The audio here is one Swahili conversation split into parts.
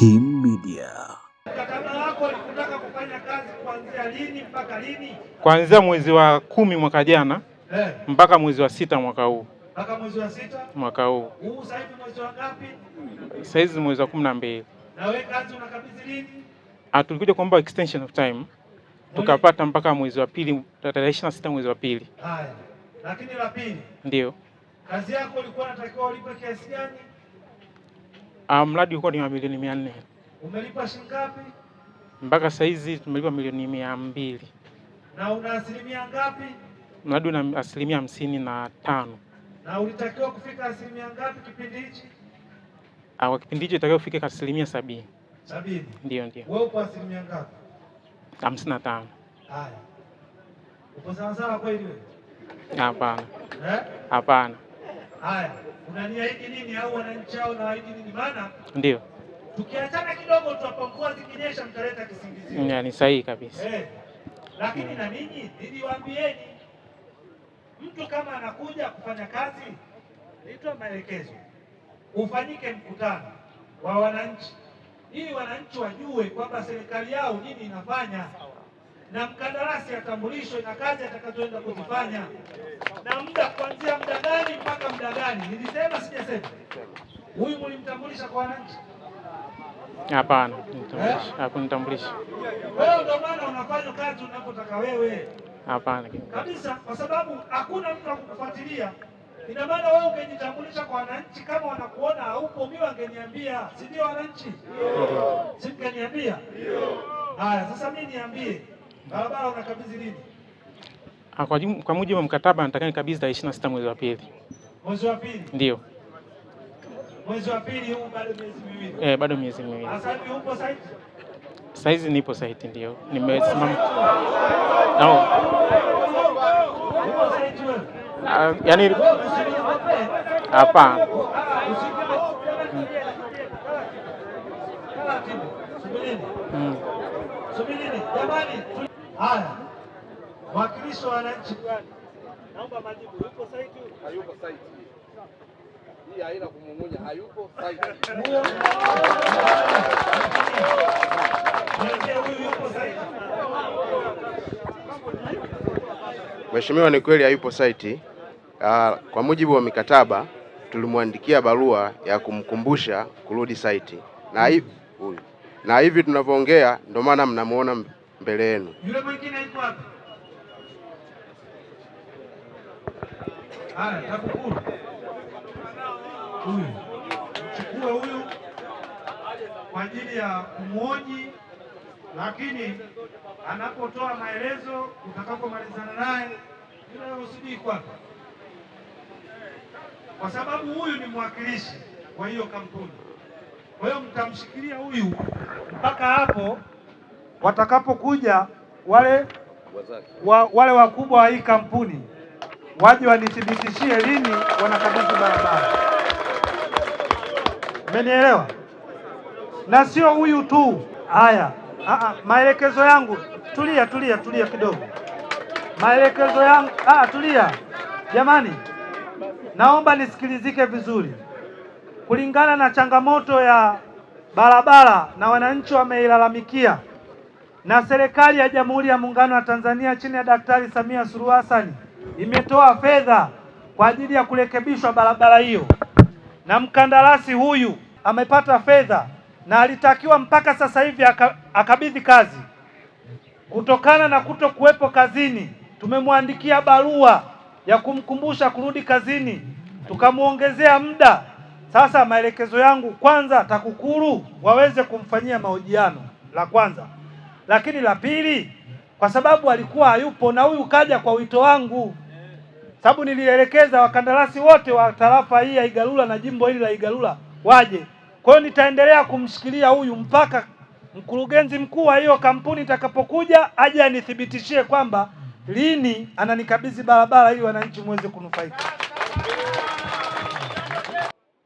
Kim Media. Mkataba wako ulikutaka kufanya kazi kuanzia lini mpaka lini? Kuanzia mwezi wa kumi mwaka jana eh, mpaka mwezi wa sita mwaka huu mpaka mwezi wa sita mwaka huu. Huu sasa hivi mwezi wa ngapi? Sasa hivi mwezi wa kumi na mbili. Na wewe kazi unakabidhi lini? Ah, tulikuja kuomba extension of time tukapata mpaka mwezi wa pili, tarehe 26 mwezi wa pili. Haya, lakini la pili ndio kazi yako ulikuwa unatakiwa ulipe kiasi gani? Ah, mradi ulikuwa ni wa milioni mia nne. Umelipa shilingi ngapi? Mpaka sasa hizi tumelipa milioni mia mbili. Na una asilimia ngapi? Mradi una asilimia hamsini na tano. Na ulitakiwa kufika asilimia ngapi kipindi hichi? Ah, kwa kipindi hicho itakiwa kufika asilimia sabini. Sabini? Ndio, ndio. Wewe uko asilimia ngapi? hamsini na tano. Haya, uko sawa sawa kweli wewe? Hapana, Eh? hapana. Haya unaniahidi nini au wananchi hao nawaahidi nini? Maana ndio tukiachana kidogo tu zikinyesha mtaleta kisingizio. Ni sahihi kabisa eh, lakini na ninyi niliwaambieni, mtu kama anakuja kufanya kazi, nitoa maelekezo ufanyike mkutano wa wananchi, ili wananchi wajue kwamba serikali yao nini inafanya na mkandarasi atambulishwe na kazi atakazoenda kuzifanya na muda, kuanzia muda gani mpaka muda gani. Nilisema sijasema? Huyu mlimtambulisha kwa wananchi? Hapana, eh? hakunitambulisha. Wewe ndio maana unafanya kazi unapotaka wewe. Hapana kabisa, kwa sababu hakuna mtu akukufuatilia. Ina maana wewe ungejitambulisha kwa wananchi, kama wanakuona haupo, mimi wangeniambia, si ndio? Wananchi si mngeniambia? Haya, sasa mimi niambie barabara unakabidhi lini? Kwa, kwa mujibu wa mkataba nataka nikabidhi tarehe 26 mwezi wa pili. Mwezi wa pili? Ndio. Mwezi wa pili huu bado miezi miwili. Eh, bado miezi miwili. Sasa hivi upo site? Saizi nipo site ndio. Nimesimama. No. Upo site wewe? Ah, yani hapa. Subiri. Subirini. Jamani. Haya, mwakilishi wa wananchi, naomba majibu. Yuko saiti? Hayuko saiti. Hii haina kumung'unya, hayuko saiti. Mheshimiwa, ni kweli hayupo saiti. Ah, kwa mujibu wa mikataba tulimwandikia barua ya kumkumbusha kurudi saiti na hivi, hmm. na hivi tunavyoongea ndio maana mnamuona mbele yenu. Yule mwingine yuko wapi? Haya, TAKUKURU huyu chukue huyu kwa ajili ya kumwoji, lakini anapotoa maelezo utakapomalizana naye yule usijui kwako, kwa sababu huyu ni mwakilishi wa hiyo kampuni. Kwa hiyo mtamshikilia huyu mpaka hapo watakapokuja wale, wa, wale wakubwa wa hii kampuni waje wanithibitishie lini wanakabidhi barabara. Mmenielewa? Na sio huyu tu. Haya, maelekezo yangu. Tulia, tulia, tulia kidogo. Maelekezo yangu. Aa, tulia jamani, naomba nisikilizike vizuri. Kulingana na changamoto ya barabara na wananchi wameilalamikia na serikali ya Jamhuri ya Muungano wa Tanzania chini ya Daktari Samia Suluhu Hassan imetoa fedha kwa ajili ya kurekebishwa barabara hiyo, na mkandarasi huyu amepata fedha na alitakiwa mpaka sasa hivi akabidhi kazi. Kutokana na kuto kuwepo kazini, tumemwandikia barua ya kumkumbusha kurudi kazini, tukamwongezea muda. Sasa maelekezo yangu, kwanza TAKUKURU waweze kumfanyia mahojiano la kwanza lakini la pili, kwa sababu alikuwa hayupo na huyu kaja kwa wito wangu, sababu nilielekeza wakandarasi wote wa tarafa hii ya Igalula na jimbo hili la Igalula waje. Kwa hiyo nitaendelea kumshikilia huyu mpaka mkurugenzi mkuu wa hiyo kampuni itakapokuja aje anithibitishie kwamba lini ananikabidhi barabara ili wananchi muweze kunufaika.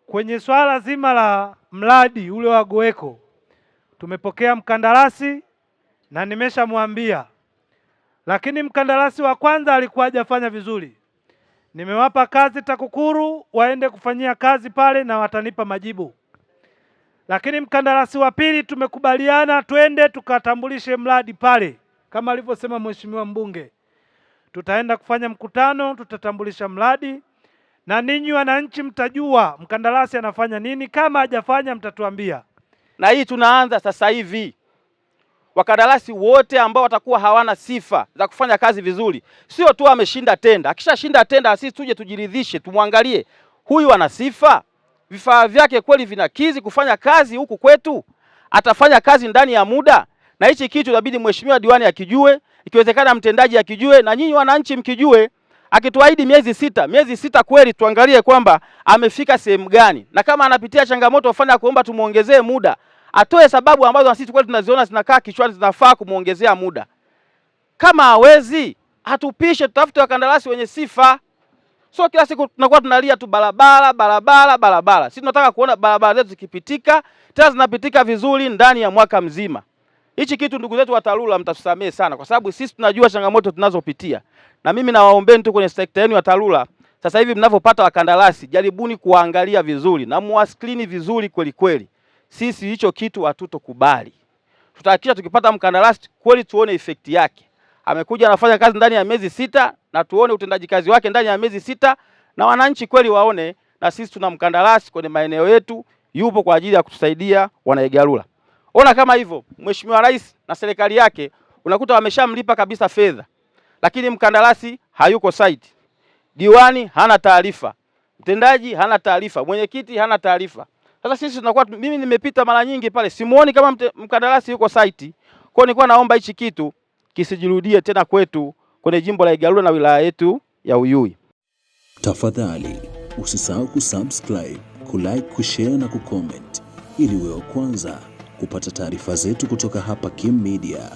Kwenye swala zima la mradi ule wa Goeko tumepokea mkandarasi na nimeshamwambia, lakini mkandarasi wa kwanza alikuwa hajafanya vizuri. Nimewapa kazi TAKUKURU waende kufanyia kazi pale na watanipa majibu. Lakini mkandarasi wa pili tumekubaliana twende tukatambulishe mradi pale, kama alivyosema mheshimiwa mbunge, tutaenda kufanya mkutano, tutatambulisha mradi na ninyi wananchi mtajua mkandarasi anafanya nini. Kama hajafanya mtatuambia, na hii tunaanza sasa hivi wakandarasi wote ambao watakuwa hawana sifa za kufanya kazi vizuri, sio tu ameshinda tenda. Akishashinda tenda, sisi tuje tujiridhishe, tumwangalie huyu ana sifa, vifaa vyake kweli vinakizi kufanya kazi huku kwetu, atafanya kazi ndani ya muda. Na hichi kitu inabidi mheshimiwa diwani akijue, ikiwezekana mtendaji akijue, na nyinyi wananchi mkijue. Akituahidi miezi sita, miezi sita kweli tuangalie kwamba amefika sehemu gani, na kama anapitia changamoto fanya kuomba tumuongezee muda atoe sababu ambazo na sisi kweli tunaziona zinakaa kichwani zinafaa kumwongezea muda. Kama hawezi atupishe, tutafute wakandarasi wenye sifa. So kila siku tunakuwa tunalia tu barabara barabara barabara. Sisi tunataka kuona barabara zetu zikipitika, tena zinapitika vizuri ndani ya mwaka mzima. Hichi kitu ndugu zetu wa TARURA mtatusamee sana, kwa sababu sisi tunajua changamoto tunazopitia, na mimi nawaombeni tu kwenye sekta yenu ya TARURA sasa hivi mnavyopata wakandarasi, jaribuni kuangalia vizuri na muwaskrini vizuri kweli kweli sisi hicho kitu hatutokubali. Tutahakikisha tukipata mkandarasi kweli tuone effect yake. Amekuja anafanya kazi ndani ya miezi sita na tuone utendaji kazi wake ndani ya miezi sita na wananchi kweli waone na sisi tuna mkandarasi kwenye maeneo yetu yupo kwa ajili ya kutusaidia wanaigarula. Ona kama hivyo Mheshimiwa Rais na serikali yake unakuta wameshamlipa kabisa fedha, lakini mkandarasi hayuko site, diwani hana taarifa, mtendaji hana taarifa, mwenyekiti hana taarifa. Sasa sisi tunakuwa, mimi nimepita mara nyingi pale, simuoni kama mkandarasi yuko site. Kwa hiyo nilikuwa naomba hichi kitu kisijirudie tena kwetu kwenye jimbo la Igalula na wilaya yetu ya Uyui. Tafadhali usisahau kusubscribe, kulike, kushare na kucomment ili wewe kwanza kupata taarifa zetu kutoka hapa Kim Media.